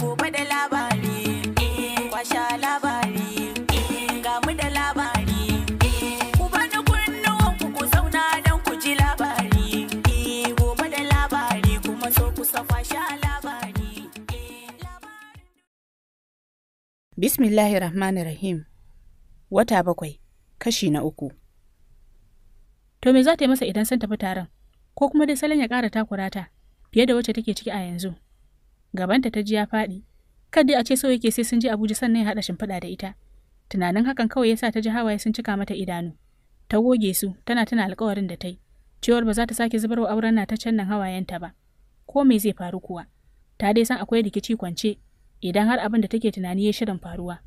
gobe da labari eh, kwasha labari eh, ga mu da labari eh, ku bani kunnuwan ku ku zauna don ku ji labari gobe da labari kuma so ku sa kwasha labari rahmanir rahim wata bakwai kashi na uku to me za ta yi masa idan sun tafi taron ko kuma dai salon ya ƙara takura ta fiye da wacce take ciki a yanzu gabanta ta ji ya faɗi kadai a ce so yake sai sun je abuja sannan ya haɗa shimfiɗa da ita tunanin hakan kawai yasa ta ji hawaye sun cika mata idanu ta goge su tana tana alkawarin da ta yi cewar ba za ta sake zubarwa auren na ta can nan hawayenta ba ko me zai faru kuwa ta dai san akwai rikici kwance idan har abin da take tunani ya shirin faruwa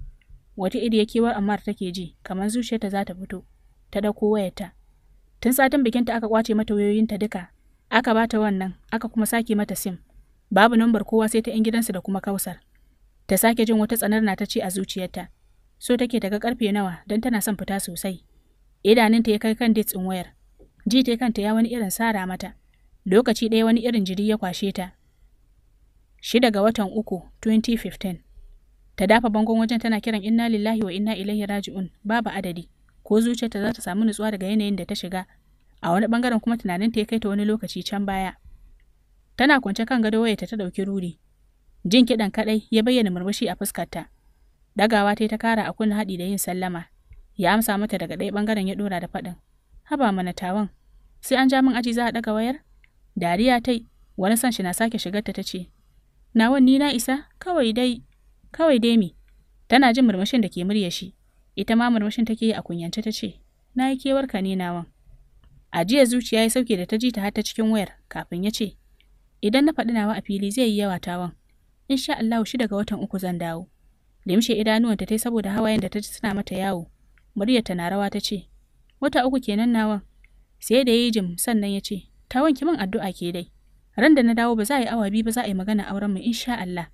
wata iri ya kewar amma take ji kamar zuciyarta za ta fito ta ɗauko wayarta tun satin bikinta aka kwace mata wayoyinta duka aka bata wannan aka kuma sake mata sim babu nambar kowa sai ta 'yan gidansu da kuma kausar. Ta sake jin wata tsanar na ta ce a zuciyarta. So take ta ga karfe nawa don tana son fita sosai. Idaninta ya kai kan dates in wayar. Ji ta kanta ya wani irin sara mata. Lokaci ɗaya wani irin jiri ya kwashe ta. Shida ga watan uku, 2015. Ta dafa bangon wajen tana kiran inna lillahi wa inna ilaihi raji'un babu adadi. Ko zuciyarta za ta samu nutsuwa daga yanayin da ta shiga. A wani bangaren kuma tunaninta ya kai ta wani lokaci can baya. Tana kwance kan gado wayarta ta ɗauki ruri. Jin kiɗan kaɗai ya bayyana murmushi a fuskarta. Dagawa ta ta kara a kunna haɗi da yin sallama. Ya amsa mata daga ɗaya ɓangaren ya ɗora da faɗin. Haba mana tawan. Sai an ja min aji za a ɗaga wayar? Dariya tai, wani san shi na sake shigarta ta ce. Nawan ni na isa, kawai dai, kawai dai mi Tana jin murmushin da ke murya shi. Ita ma murmushin take yi a kunyance ta ce, Na yi kewarka ne nawan. Ajiya zuciya ya sauke da ta ji ta har ta cikin wayar kafin ya ce, Idan na faɗi nawa a fili zai yi yawa tawan. sha Allahu shida daga watan uku zan dawo. Limshe idanuwan ta yi saboda hawayen da ta ji suna mata yawo. Muryarta na rawa ta ce, Wata uku kenan nawa? Sai da yi jim sannan ya ce, tawon ki min addu'a ke dai. Ran da na dawo ba za a yi awa biyu ba za a yi magana auren mu sha Allah.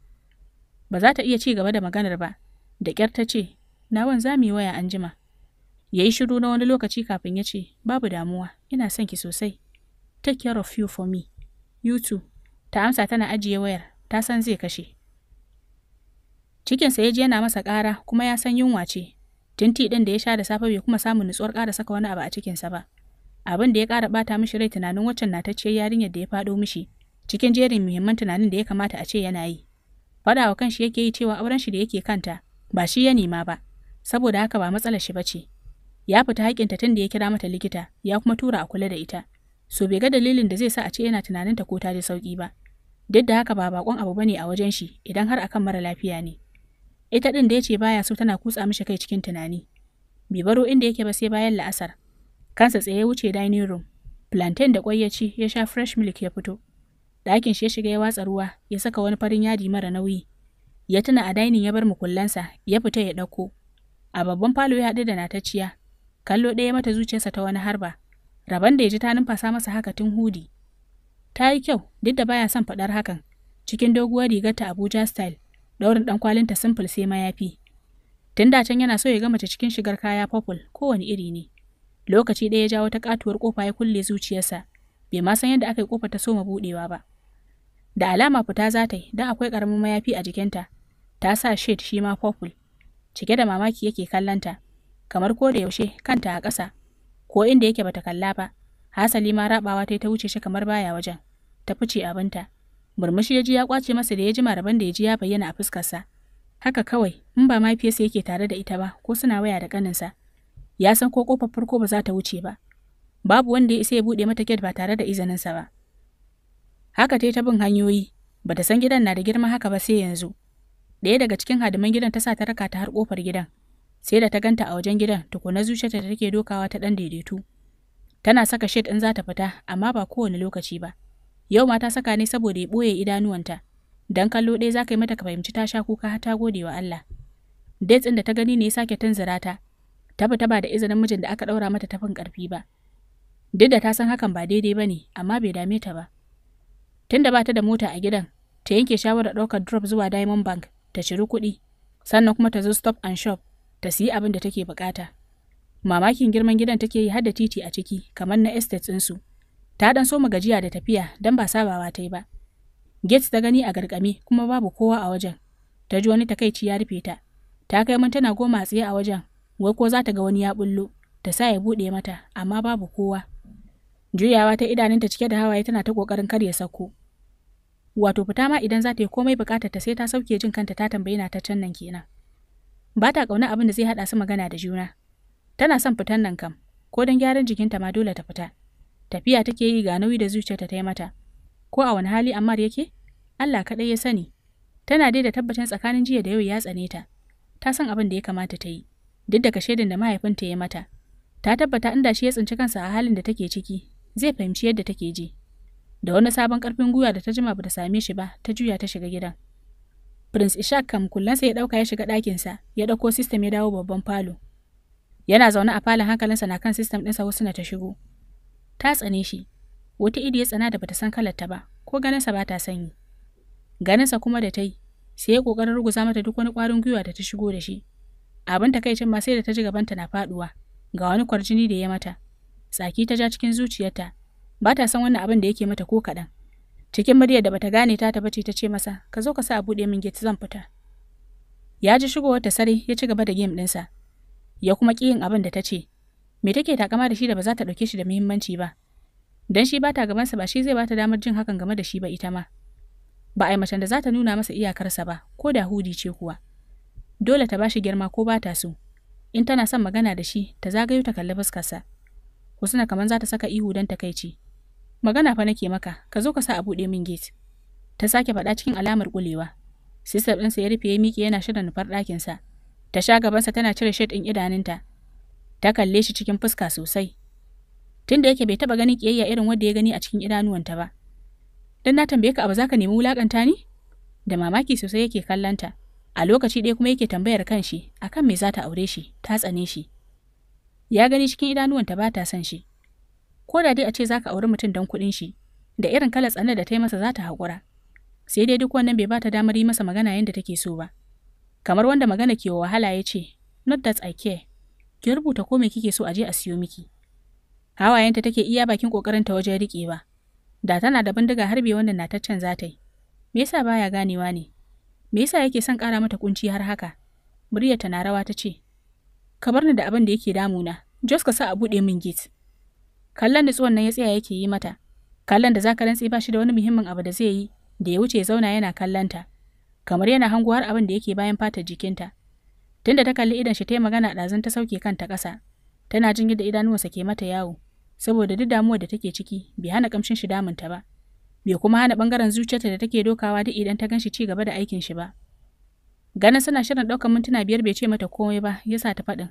Ba za ta iya ci gaba da maganar ba. Da kyar ta ce, Nawan za mu yi waya an jima. Ya yi shiru na wani lokaci kafin ya ce, Babu damuwa, ina son ki sosai. Take care of you for me. You too. ta amsa tana ajiye wayar ta san zai kashe cikinsa ya ji yana masa ƙara kuma ya san yunwa ce tinti ɗin da ya sha da safe bai kuma samu nutsuwar ƙara saka wani abu a cikinsa ba abin da ya ƙara ɓata mishi rai tunanin waccan na ce yarinyar da ya faɗo mishi cikin jerin muhimman tunanin da ya kamata a ce yana yi faɗa wa kanshi yake yi cewa auren shi da yake kanta ba shi ya nema ba saboda haka ba matsalar shi ba ce ya fita haƙinta tun da ya kira mata likita ya kuma tura a kula da ita so bai ga dalilin da zai sa a ce yana tunanin ta ko ta ji sauki ba duk da haka ba bakon abu bane a wajen shi idan har akan mara lafiya ne ita din da ya ce baya so tana kutsa mishi kai cikin tunani bai baro inda yake ba sai bayan la'asar kansa tsaye wuce dining room plantain da kwai ya ci ya sha fresh milk ya fito ɗakin shi ya shiga ya watsa ruwa ya saka wani farin yadi mara nauyi ya tuna a dining ya bar mukullansa ya fita ya ɗauko a babban falo ya haɗu da natacciya kallo ɗaya mata zuciyarsa ta wani harba Rabon da ya ji ta numfasa masa haka tun hudi. Ta yi kyau duk da baya son faɗar hakan, cikin doguwar ta Abuja style, daurin ɗan kwalinta simple sai mayafi. Tun da can yana so ya ga mace cikin shigar kaya purple kowane iri ne. Lokaci ɗaya ya jawo ta katuwar kofa ya kulle zuciyarsa, bai ma san yadda aka yi kofa ta soma buɗewa ba. Da alama fita za ta yi, don akwai ƙaramin mayafi a jikinta, ta sa shade shi ma purple. Cike da mamaki yake kallanta, kamar ko da yaushe kanta a ƙasa, ko inda yake bata kalla ba hasali ma rabawa ta ta wuce shi kamar baya wajen ta fice abinta murmushi ya ji ya kwace masa da ya jima maraban da ya ji ya bayyana a fuskarsa haka kawai in ba mafiyarsa yake tare da ita ba ko suna waya da kaninsa ya san ko kofar farko ba za ta wuce ba babu wanda ya isa ya buɗe mata gate ba tare da izininsa ba haka ta ta bin hanyoyi Bata san gidan na da girma haka ba sai yanzu Daya daga cikin hadiman gidan ta sa ta raka ta har kofar gidan sai da ta ganta a wajen gidan tukuna zuciyarta da take dokawa ta dan daidaitu. Tana saka shade in za ta fita, amma ba kowane lokaci ba. Yau ma ta saka ne saboda ya ɓoye idanuwanta, dan kallo ɗaya za ka yi mata ka fahimci ta sha kuka har ta gode wa Allah. Dates ɗin da ta gani ne ya sake tunzura ta, ta fita ba da izinin mijin da aka ɗaura mata tafin karfi ba. Duk da ta san hakan ba daidai ba ne, amma bai dame ta ba. Tunda ba ta da mota a gidan, ta yanke shawarar ɗaukar drop zuwa Diamond Bank, ta ciri kuɗi, sannan kuma ta zo stop and shop ta siyi abin da take bukata. Mamakin girman gidan take yi har titi a ciki kamar na estate ɗinsu. Ta dan so gajiya da tafiya don ba sabawa ta yi ba. Gates ta gani a gargame kuma babu kowa a wajen. Ta ji wani takaici ya rufe ta. Ta kai tana goma a tsaye a wajen, wai ko za ta ga wani ya bullo, ta sa ya buɗe mata, amma babu kowa. Juyawa ta idanunta cike da hawaye tana ta ƙoƙarin kar ya sauko. Wato fita ma idan za ta yi komai bukatar ta sai ta sauke jin kanta ta tambayi na ta can nan kenan. ba ta ƙauna abin da zai haɗa su magana da juna. Tana son fitan nan kam, ko don gyaran jikinta ma dole ta fita. Tafiya take yi ga nauyi da zuciya ta yi mata. Ko a wani hali amma yake? Allah kaɗai ya sani. Tana dai da tabbatar tsakanin jiya da yau ya tsane ta. Ta san abin da ya kamata ta yi, duk da din da mahaifinta ya mata. Ta tabbata inda shi ya tsinci kansa a halin da take ciki, zai fahimci yadda take ji. Da wani sabon ƙarfin gwiwa da ta jima ba ta same shi ba, ta juya ta shiga gidan. Prince Ishak kam kullansa ya ɗauka ya shiga ɗakinsa, ya ɗauko sistem ya dawo babban falo. Yana zaune a falon hankalinsa na kan sistem ɗinsa na ta shigo. Ta tsane shi, wata idi ya tsana da bata san kalarta ba, ko ganinsa ba ta sanyi. Ganinsa kuma da ta yi, sai ya ƙoƙarin ruguza mata duk wani ƙwarin gwiwa da ta shigo da shi. Abin ta takaicin ma sai da ta ji gabanta na faɗuwa, ga wani kwarjini da ya mata. Tsaki ta ja cikin zuciyarta, ba ta san wannan abin da yake mata ko kaɗan. Cikin murya da bata gane ta ba ce ta ce masa, "Ka zo ka sa a buɗe min gate zan fita." Ya ji shigowar ta sare ya ci gaba da game ɗinsa. Ya kuma ƙi yin abin da ta ce, me take takama da shi da ba za ta ɗauke shi da muhimmanci ba. Dan shi ba ta gabansa ba shi zai ba ta damar jin hakan game da shi ba ita ma. Ba a yi macen da za ta nuna masa iyakarsa ba, ko da hudi ce kuwa. Dole ta ba shi girma ko ba ta so. In tana son magana da shi, ta zagayo ta kalli fuskarsa. Husna kamar za ta saka ihu don takaici. magana fa nake maka ka zo ka sa a buɗe min gate ta sake faɗa cikin alamar kulewa sisar ɗinsa ya rufe ya miƙe yana shirin nufar ɗakinsa ta sha gabansa tana cire shade ɗin idanunta ta kalle shi cikin fuska sosai tunda yake bai taɓa ganin kiyayya irin wanda ya gani a cikin idanuwanta ba dan na tambaye ka abu za nemi wulakanta ni da mamaki sosai yake kallanta a lokaci ɗaya kuma yake tambayar kanshi akan me za ta aure shi ta tsane shi ya gani cikin idanuwanta ba ta son shi ko da dai a ce zaka auri mutum don kuɗin shi da irin kalar tsanar da ta masa za ta haƙura sai dai duk wannan bai ba ta damar yi masa magana yadda take so ba kamar wanda magana ke wa wahala ya ce not that I care ki rubuta ko me kike so a je a siyo miki hawayenta take iya bakin kokarin ta wajen riƙe ba da tana da bindiga harbe wannan nataccen za ta yi me yasa baya ganewa ne me yasa yake son ƙara mata kunci har haka muryarta na rawa ta ce ka bar ni da abin da yake damuna jos ka sa a buɗe min gate kallon tsohon nan ya tsaya yake yi mata kallon da zaka rantse ba shi da wani muhimmin abu da zai yi da ya wuce zauna yana kallonta kamar yana hango har abin da yake bayan fatar jikinta tunda ta kalli idan shi ta yi magana ɗazun ta sauke kanta ƙasa tana jin yadda idanuwansa ke mata yawo saboda duk damuwar da take ciki bai hana kamshin shi damunta ba bai kuma hana bangaren zuciyarta da take dokawa duk idan ta gan shi ci gaba da aikin shi ba ganin suna shirin ɗaukar mintuna biyar bai ce mata komai ba yasa ta faɗin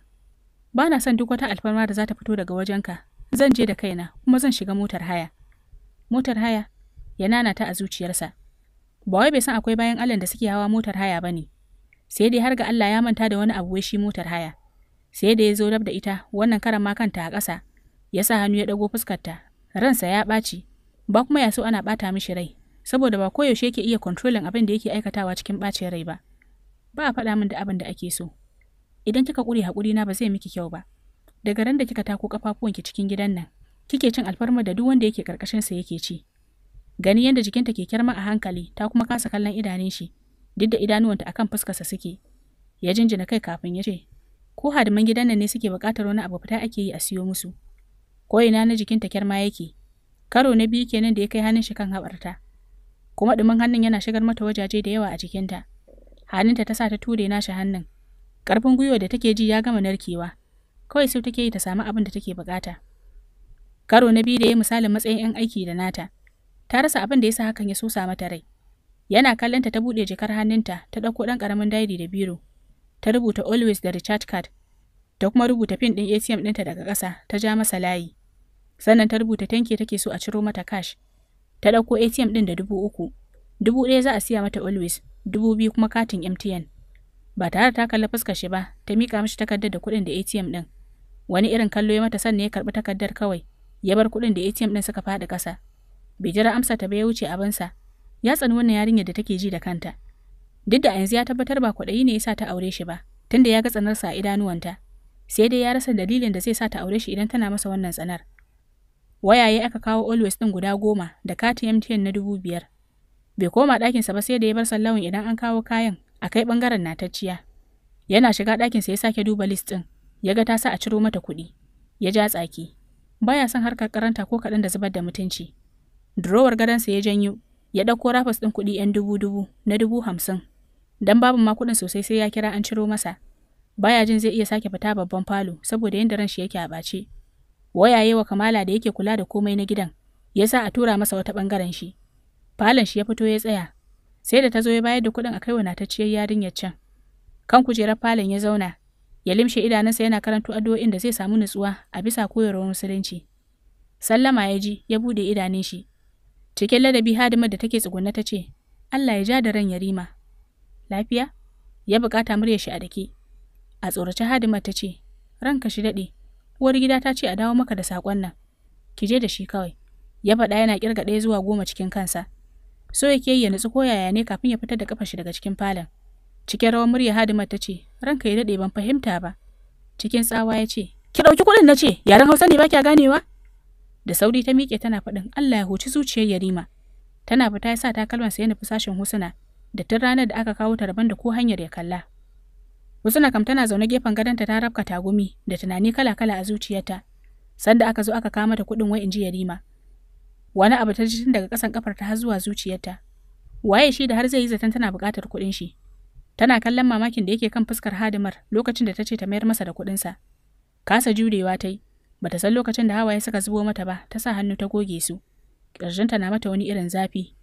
ba na son duk wata alfarma da za ta fito daga wajenka zan je da kaina kuma zan shiga motar haya motar haya ya nana ta a zuciyarsa ba wai bai san akwai bayan Allah da suke hawa motar haya ba ne sai dai har ga Allah ya manta da wani abu wai shi motar haya sai da ya zo dab da ita wannan karan ma kanta a ƙasa ya sa hannu ya ɗago fuskarta ransa ya ɓaci ba kuma ya so ana ɓata mishi rai saboda ba ko yaushe yake iya kontrolin abin da yake aikatawa cikin ɓacin rai ba ba a faɗa min da abin da ake so idan kika ƙure haƙuri na ba zai miki kyau ba daga ran da kika tako kafafuwanki cikin gidan nan kike cin alfarma da duk wanda yake karkashin sa yake ci gani yadda jikinta ke kyarma a hankali ta kuma kasa kallon idanun shi duk da idanuwanta akan fuskarsa suke ya jinjina kai kafin ya ce ko hadiman gidan nan ne suke bukatar wani abu fita ake yi a siyo musu ko ina na jikinta kyarma yake karo na biyu kenan da ya kai hannun shi kan haɓarta kuma ɗumin hannun yana shigar mata wajaje da yawa a jikinta hannunta ta sa ta ture nashi hannun Karfin gwiwa da take ji ya gama narkewa kawai sai take yi ta samu abin da take bukata. Karo na biyu da ya misalin matsayin 'yan aiki da nata, ta rasa abin da ya sa hakan ya sosa mata rai. Yana kallonta ta buɗe jakar hannunta ta ɗauko ɗan ƙaramin dairi da biro, ta rubuta always da recharge card, ta kuma rubuta pin ɗin ATM ɗinta daga ƙasa ta ja masa layi. Sannan ta rubuta tanki take so a ciro mata cash. Ta ɗauko ATM ɗin da dubu uku, dubu ɗaya za a siya mata always, dubu biyu kuma katin MTN. Ba tare da ta kalli fuskar shi ba, ta miƙa mishi takardar da kuɗin da ATM ɗin. wani irin kallo ya mata sannan ya karɓi takardar kawai ya bar kuɗin da ATM ɗin suka faɗi ƙasa bai jira amsa ta ba ya wuce abinsa ya tsani wannan yarinyar da take ji da kanta duk da yanzu ya tabbatar ba kwaɗayi ne ya sa ta aure shi ba tunda ya ga tsanar sa a idanuwanta sai dai ya rasa dalilin da zai sa ta aure shi idan tana masa wannan tsanar wayaye aka kawo always ɗin guda goma da katin MTN na dubu biyar bai koma ɗakinsa ba sai da ya bar sallawin idan an kawo kayan a kai ɓangaren natacciya yana shiga ɗakinsa ya sake duba list ɗin ya ga ta sa a ciro mata kuɗi, ya ja tsaki, baya son harkar karanta ko kaɗan da zubar da mutunci. Durowar sa ya janyo, ya ɗauko rafas ɗin kuɗi ‘yan dubu-dubu na dubu hamsin, don babu ma kuɗin sosai sai ya kira an ciro masa. Baya jin zai iya sake fita babban falo saboda yadda ran shi yake a ɓace. Wayaye wa Kamala da yake kula da komai na gidan, ya sa a tura masa wata ɓangaren shi. Falon shi ya fito ya tsaya, sai da ta zo ya bayar da kuɗin a kai wa natacciyar yarinyar can. Kan kujerar falon ya zauna, ya limshe idanunsa yana karanto addu'o'in da zai samu nutsuwa a bisa koyarwar musulunci. Sallama ya ji ya bude idanun shi. Cikin ladabi hadimar da take tsugunna ta Allah ya ja da ran yarima. Lafiya? Ya bukata murya shi a dake. A tsorace hadimar ta ce, Ranka shi daɗe, uwar gida ta ce a dawo maka da saƙon nan. Ki je da shi kawai. Ya faɗa yana ƙirga ɗaya zuwa goma cikin kansa. So yake yi ya nutsu ko yaya ne kafin ya fitar da kafa shi daga cikin falon. Cikin rawar murya Hadima ta ce, ranka ya daɗe ban fahimta ba. Cikin tsawa ya ce, ki ɗauki kuɗin na ce, yaren Hausa ne ba kya ganewa? Da sauri ta miƙe tana faɗin Allah ya huci zuciyar Yarima. Tana fita ya sa takalmansa ya nufi sashen husuna da tun ranar da aka kawo ta rabon da ko hanyar ya kalla. husuna kam tana zaune gefen gadonta ta rabka tagumi da tunani kala-kala a zuciyarta. Sanda aka zo aka kama mata kuɗin wai in ji Yarima. Wani abu ta ji tun daga ƙasan kafar ta har zuwa zuciyarta. Waye shi da har zai yi zaton tana buƙatar kuɗin shi. Tana kallon mamakin da yake kan fuskar hadimar lokacin da ta ce ta mayar masa da kuɗinsa. Kasa jurewa ta yi, ba ta san lokacin da hawaye suka zubo mata ba, ta sa hannu ta goge su. Ƙirjinta na mata wani irin zafi.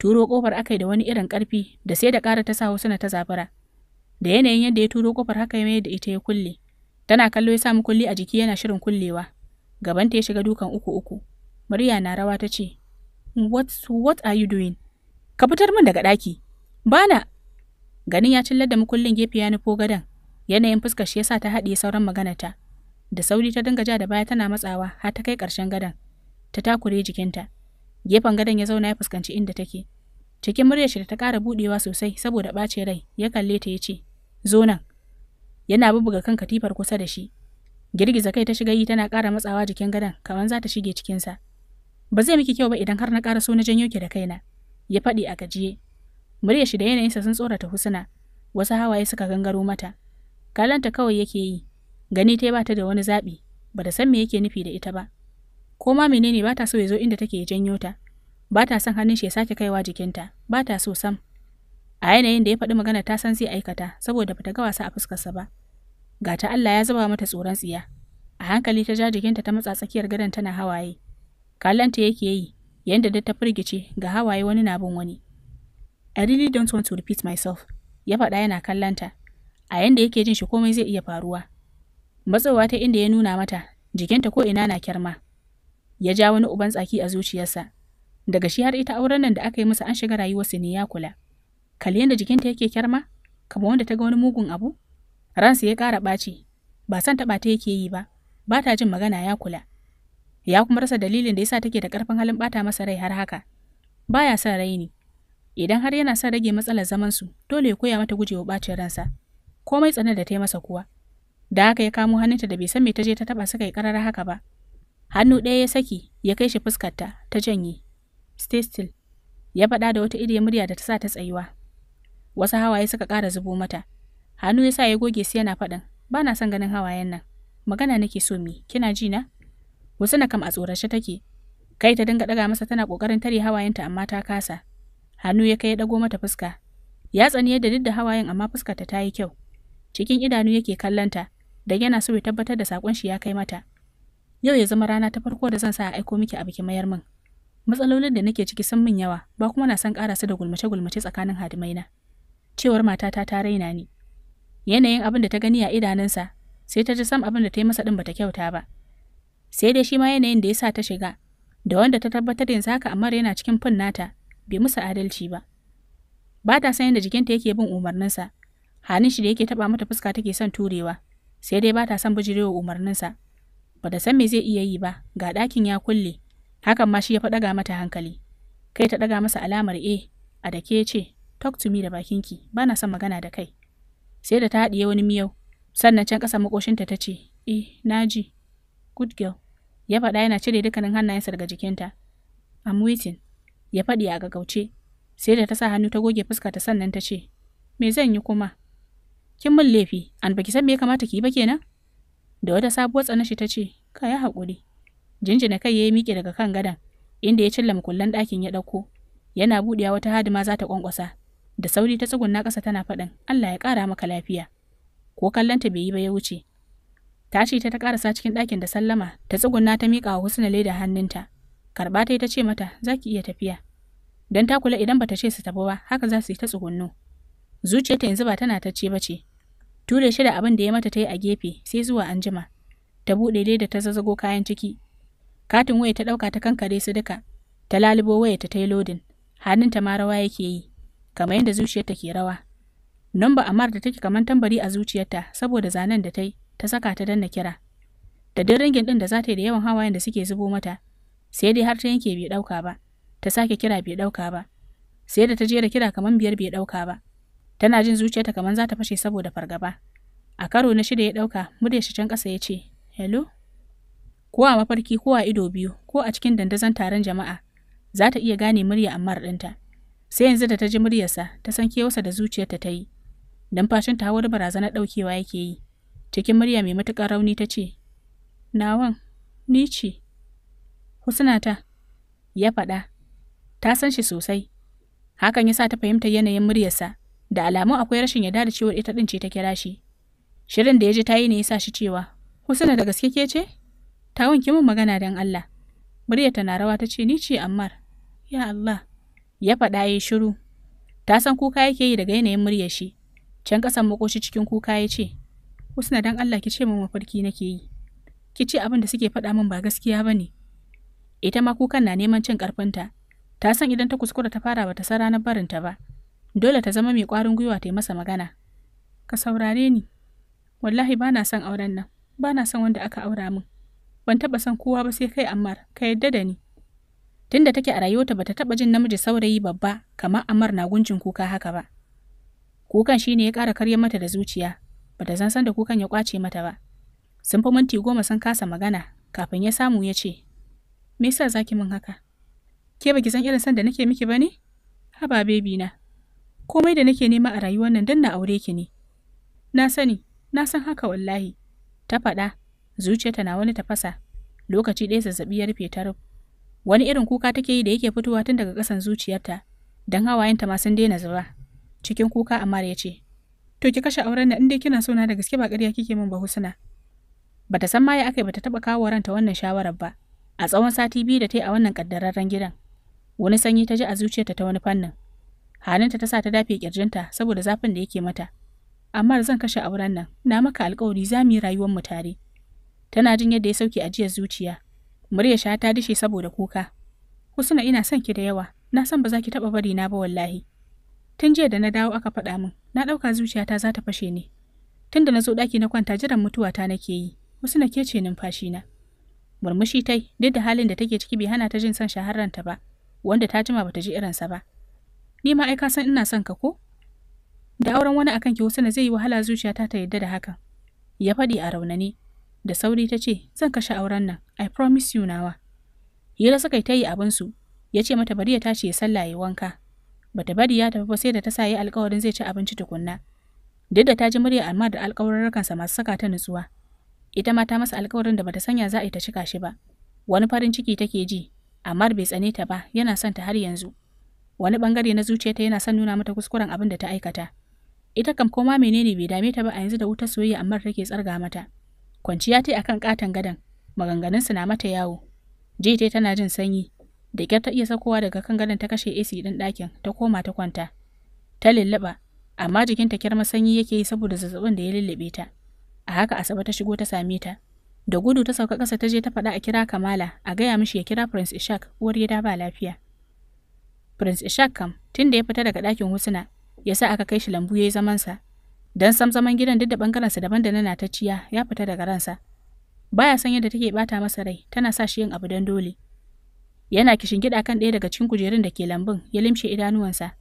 Turo ƙofar aka da wani irin ƙarfi da sai da ƙara ta sa hosuna ta zafara. Da yanayin yadda ya turo ƙofar haka ya mayar da ita ya kulle. Tana kallo ya sa kulli a jiki yana shirin kullewa. Gabanta ya shiga dukan uku uku. Murya na rawa ta ce, What, what are you doing? Ka fitar min daga ɗaki. Bana, Ganin ya cillar da mukullin gefe ya nufo gadon, yanayin fuskar shi yasa ta haɗiye sauran ta. Da sauri ta dinga ja da baya tana matsawa har ta kai ƙarshen gadon. Ta takure jikinta. Gefen gadon ya zauna ya fuskanci inda take. Cikin muryar shi ta ƙara buɗewa sosai saboda ɓace rai, ya kalle ta ya ce, Zo nan. Yana bubuga kan katifar kusa da shi. Girgiza kai ta shiga yi tana ƙara matsawa jikin gadon kamar za ta shige cikinsa. Ba zai miki kyau ba idan har na ƙara so na janyo ki da kaina. Ya faɗi a gajiye. Muryar shi da yanayinsa sun tsorata Husna. Wasu hawaye suka gangaro mata. Kalanta kawai yake yi. Gani ta ba ta da wani zaɓi, ba ta san me yake nufi da ita ba. Ko ma menene ba ta so ya zo inda take janyo ta. Ba ta son hannun shi ya sake kaiwa jikinta, ba ta so sam. A yanayin da ya faɗi magana ta san zai aikata saboda bata ga wasa a fuskarsa ba. Ga ta Allah ya zuba mata tsoron tsiya. A hankali ta ja jikinta ta matsa tsakiyar gadon tana hawaye. Kalanta yake yi, yanda da ta firgice ga hawaye wani na bin wani. I really don't want to repeat myself, ya faɗa yana kallanta. A yanda yake jin shi komai zai iya faruwa. Matsowa ta inda ya nuna mata, jikinta ko ina na kyarma. Ya ja wani uban tsaki a zuciyarsa. Daga shi har ita auren nan da aka yi masa an shiga rayuwarsa ne ya kula. Kalli yanda jikinta yake kyarma, kamar wanda ta ga wani mugun abu. Ransa ya kara ɓaci, ba san taɓa ta yake yi ba, ba ta jin magana ya kula. Ya kuma rasa dalilin da yasa take da ƙarfin halin ɓata masa rai har haka. Baya son ne. Idan har yana son rage matsalar su dole ya koya mata gujewa bacin ransa. Komai tsanar da ta yi masa kuwa. Da haka ya kamo hannunta da bai san me ta je ta taba suka yi karara haka ba. Hannu ɗaya ya saki, ya kai shi fuskar ta ta janye. Stay still. Ya faɗa da wata iriyar murya da ta sa ta tsayuwa. Wasu hawaye suka ƙara zubo mata. Hannu ya sa ya goge su yana faɗin, ba na son ganin hawayen nan. Magana nake so mi, kina ji na? Wasu na kam a tsorace take, kai ta dinga ɗaga masa tana ƙoƙarin tare hawayenta amma ta kasa hannu ya kai ya dago mata fuska ya tsani yadda duk da hawayen amma fuska ta tayi kyau cikin idanu yake kallanta da yana so ya tabbatar da sakon shi ya kai mata yau ya zama rana ta farko da zan sa a aiko miki a biki mayar min matsalolin da nake ciki sun min yawa ba kuma na san ƙara su da gulmace-gulmace tsakanin hadimaina cewar matata ta raina ni yanayin abin da ta gani a idanunsa sai ta ji sam abin da ta yi masa din bata kyauta ba sai dai shi ma yanayin da ya sa ta shiga da wanda ta tabbatar yanzu haka amma yana cikin fin nata bai musu adalci ba. Ba ta san yadda jikinta yake bin umarninsa, hannun shi da yake taɓa mata fuska take son turewa, sai dai ba ta son bijirewa umarninsa. Ba ta san me zai iya yi ba, ga ɗakin ya kulle, hakan ma shi ya faɗaga mata hankali. Kai ta ɗaga masa alamar E, a da ke ce, talk to me da bakinki, ba na son magana da kai. Sai da ta haɗiye wani miyau, sannan can ƙasa makoshinta ta ce, e na ji. Good girl. Ya faɗa yana cire dukkanin hannayensa daga jikinta. I'm waiting. ya faɗi a gaggauce sai da ta sa hannu ta goge fuska ta sannan ta ce me zan yi kuma kin mun laifi an baki san me ya kamata ki yi ba kenan da wata sabuwar tsanashi ta ce ka yi haƙuri jinjina kai ya yi miƙe daga kan gadon inda ya cilla mukullan ɗakin ya ɗauko yana buɗewa wata hadima za ta ƙwanƙwasa da sauri ta tsugunna ƙasa tana faɗin Allah ya ƙara maka lafiya ko kallon ta bai yi ba ya wuce ta ce ta ta ƙarasa cikin ɗakin da sallama ta tsugunna ta miƙa wa Husna leda hannunta Karɓa ta ta ce mata, za ki iya tafiya. Don ta kula idan bata ce su tafi ba, haka za su yi ta tsugunno. Zuciyarta yanzu ba tana ta ce ba ce. Tule shi da abin da ya mata ta yi a gefe sai zuwa anjima. Ta buɗe da ta zazzago kayan ciki. Katin waya ta ɗauka ta kankare su duka. Ta lalibo waya ta ta yi lodin. ta ma rawa yake yi, kamar yadda zuciyarta ke rawa. Namba Amar da take kaman tambari a zuciyarta saboda zanen da ta yi, ta saka ta danna kira. Da dirringin ringin ɗin da za ta yi da yawan hawayen da suke zubo mata, sai dai har ta yanke bai ɗauka ba ta sake kira bai ɗauka ba sai da ta je da kira kamar biyar bai ɗauka ba tana jin zuciyarta kamar za ta fashe saboda fargaba a karo na shida ya ɗauka muryar shi can ƙasa ya ce hello ko a mafarki ko a ido biyu ko a cikin dandazon taron jama'a za ta iya gane murya ammar ɗinta sai yanzu da ta ji muryarsa ta san kewarsa da zuciyarta ta yi numfashin ta hawar barazanar ɗaukewa yake yi cikin murya mai matuƙar rauni ta ce nawan ni ce Husnata, ya faɗa, ta san shi sosai. Hakan ya sa ta fahimta yanayin muryarsa, da alamun akwai rashin yarda da cewar ita ɗin ce ta kira shi. Shirin da ya ji ta yi ne ya sa shi cewa, Husna da gaske ke ce? Ta wanke min magana don Allah. Muryarta na rawa ta ce, Ni ce Ammar. Ya Allah. Ya faɗa ya shiru. Ta san kuka yake yi daga yanayin muryar shi. Can ƙasan makoshi cikin kuka ya ce, Husna don Allah ki ce min mafarki nake yi. Ki ce abin da suke faɗa min ba gaskiya ba ne. ita ma kukan na neman cin ƙarfinta ta san idan ta kuskura ta fara bata san ranar barinta ba dole ta zama mai kwarin gwiwa ta yi masa magana ka saurare ni wallahi ba na son auren nan ba na son wanda aka aura min ban taɓa son kowa ba sai kai ammar ka yadda da ni tunda take a rayuwarta bata taɓa jin namiji saurayi babba kamar ammar na gunjin kuka haka ba kukan shine ya ƙara karya mata da zuciya bata san san da kukan ya kwace mata ba sun fi minti goma sun kasa magana kafin ya samu ya ce Me yasa zaki min haka? Ke baki san irin san da nake miki bane ne? Haba baby na. Komai da nake nema a rayuwar nan dan na aure ki ne. Na sani, na san haka wallahi. Ta faɗa, zuciyarta na wani tafasa. Lokaci ɗaya zazzabi ya rufe ta Wani irin kuka take yi da yake fitowa tun daga kasan zuciyarta, dan hawayenta ma sun daina zuba. Cikin kuka amma ya ce, To ki kashe auren na inda kina so na da gaske ba ƙarya kike min ba Husna. Bata san ma ya akai bata taɓa kawo ranta wannan shawarar ba. A tsawon sati biyu da ta yi a wannan ƙaddararren gidan, wani sanyi ta ji a zuciyarta ta wani fannin. Halinta ta sa ta dafe ƙirjinta saboda zafin da yake mata. Amma zan kashe auren nan, na maka alƙawari za mu yi rayuwar mu tare. Tana jin yadda ya sauke ajiyar zuciya. sha ta dishe saboda kuka. Husna ina son ki da yawa, na san ba za ki taɓa bari na ba wallahi. Tun jiya da na dawo aka faɗa min, na ɗauka zuciyata za ta fashe ni. Tunda na zo ɗaki na kwanta jiran mutuwata nake yi, wasu na ke ce numfashina. murmushi tai duk da halin da take ciki bai hana ta jin son ta ba wanda ta jima bata ji irinsa ba ni ma ai ka san ina son ka ko da auren wani akan ki wasu na zai yi wahala zuciya ta ta yadda da hakan ya faɗi a raunani. da sauri ta ce zan kashe auren nan i promise you nawa hira suka yi ta yi abinsu ya ce mata bari ya tashi ya sallah ya wanka bata bari ya tafi ba sai da ta sa yi alkawarin zai ci abinci tukunna duk da ta ji murya amma da rakansa masu saka ta nutsuwa ita ma ta masa alkawarin da bata sanya za a yi ta cika shi ba wani farin ciki take ji amma bai tsane ta ba yana son ta har yanzu wani bangare na zuciyarta yana son nuna mata kuskuren abin da ta aikata ita kam koma menene bai dame ta ba a yanzu da wutar soyayya amma take tsarga mata kwanciya ta akan katon gadan maganganun na mata yawo ta tana jin sanyi da kyar ta iya sakowa daga kan gadon ta kashe AC din ɗakin ta koma ta kwanta ta lulluɓa amma jikinta kyar sanyi yake yi saboda zazzabin da ya lullube ta a haka asabe ta shigo ta same ta da gudu ta sauka kasa ta je ta faɗa a kira kamala a gaya mishi ya kira prince ishak uwar gida ba lafiya prince ishak kam tun da ya fita daga ɗakin husna ya sa aka kai shi lambu ya yi zamansa don sam zaman gidan duk da ɓangarensa daban da nana ta ciya ya fita daga ransa baya san yadda take bata masa rai tana sa shi yin abu don dole yana kishin gida kan ɗaya daga cikin kujerun da ke lambun ya limshe idanuwansa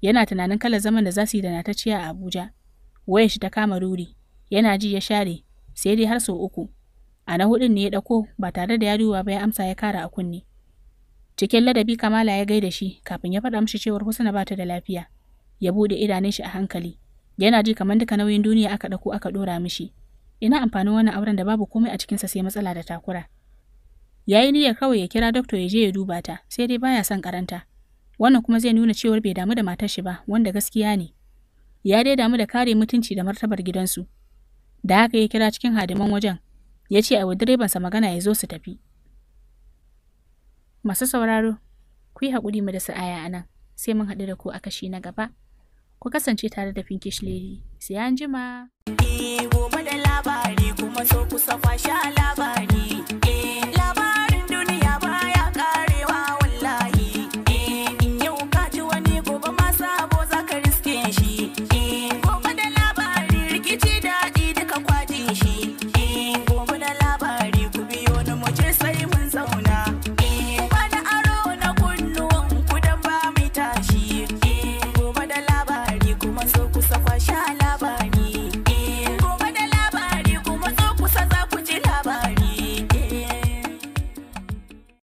yana tunanin kalar zaman da za su yi da ciya a abuja wayar shi ta kama ruri yana ji ya share sai dai har sau uku a na hudun ne ya dauko? ba tare da ya duba ba ya amsa ya kara a kunne cikin ladabi kamala ya gaida shi kafin ya faɗa mishi cewar husna ba ta da lafiya ya buɗe idanun shi a hankali yana ji kamar duka nauyin duniya aka dauko aka ɗora mishi ina amfanin wannan auren da babu komai a cikinsa sai matsala da takura ya yi niyyar kawai ya kira doktor ya je ya duba ta sai dai baya son karanta wannan kuma zai nuna cewar bai damu da matar shi ba wanda gaskiya ne ya dai damu da kare mutunci da martabar gidansu da aka yi kira cikin hadiman wajen ya ce a direbansa magana ya zo su tafi. Masu sauraro, ku yi haƙuri mu da aya a nan, sai mun haɗu da ku a kashi na gaba. Ku kasance tare da Pinkish Lady, sai an jima. Ni gobe da labari kuma so kusa kwashe labari.